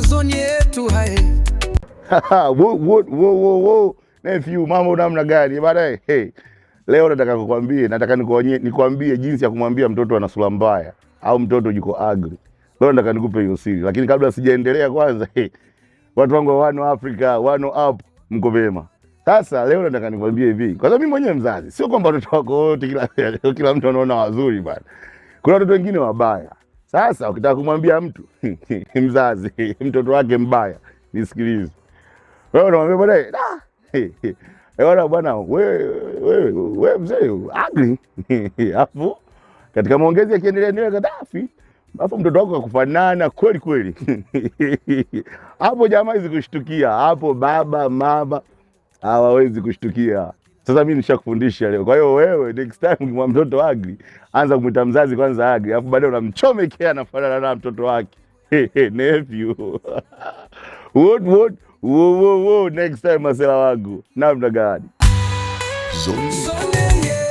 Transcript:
zoni yetu hae. wo, wo, wo, wo. Nephew, mambo namna gani baadaye? Eh, hey, leo nataka kukwambie, nataka nikwambie jinsi ya kumwambia mtoto ana sura mbaya au mtoto yuko ugly. Leo nataka nikupe hiyo siri, lakini kabla sijaendelea, kwanza hey, watu wangu wa One Africa, One Up, mko vyema? Sasa leo nataka nikwambie hivi, kwanza mimi mwenyewe mzazi, sio kwamba watoto wako wote kila, kila mtu anaona wazuri bana, kuna watoto wengine wabaya sasa ukitaka kumwambia mtu mzazi mtoto wake mbaya, nisikilize wewe, unamwambia bwana eh, bwana bwana, wewe mzee ugly, afu katika maongezi akiendelea ndio kadhafi, afu mtoto wako akufanana kweli kweli. Hapo jamaa hizi kushtukia hapo, baba mama hawawezi kushtukia. Sasa mimi nishakufundisha leo. Kwa hiyo wewe next time ukimwa mtoto agri, anza kumwita mzazi kwanza agri, alafu baadaye unamchomekea fara na mtoto wake. nephew. what, what? Wo, wo, wo. Next time masela wangu namna gani? Zone. Zone, yeah.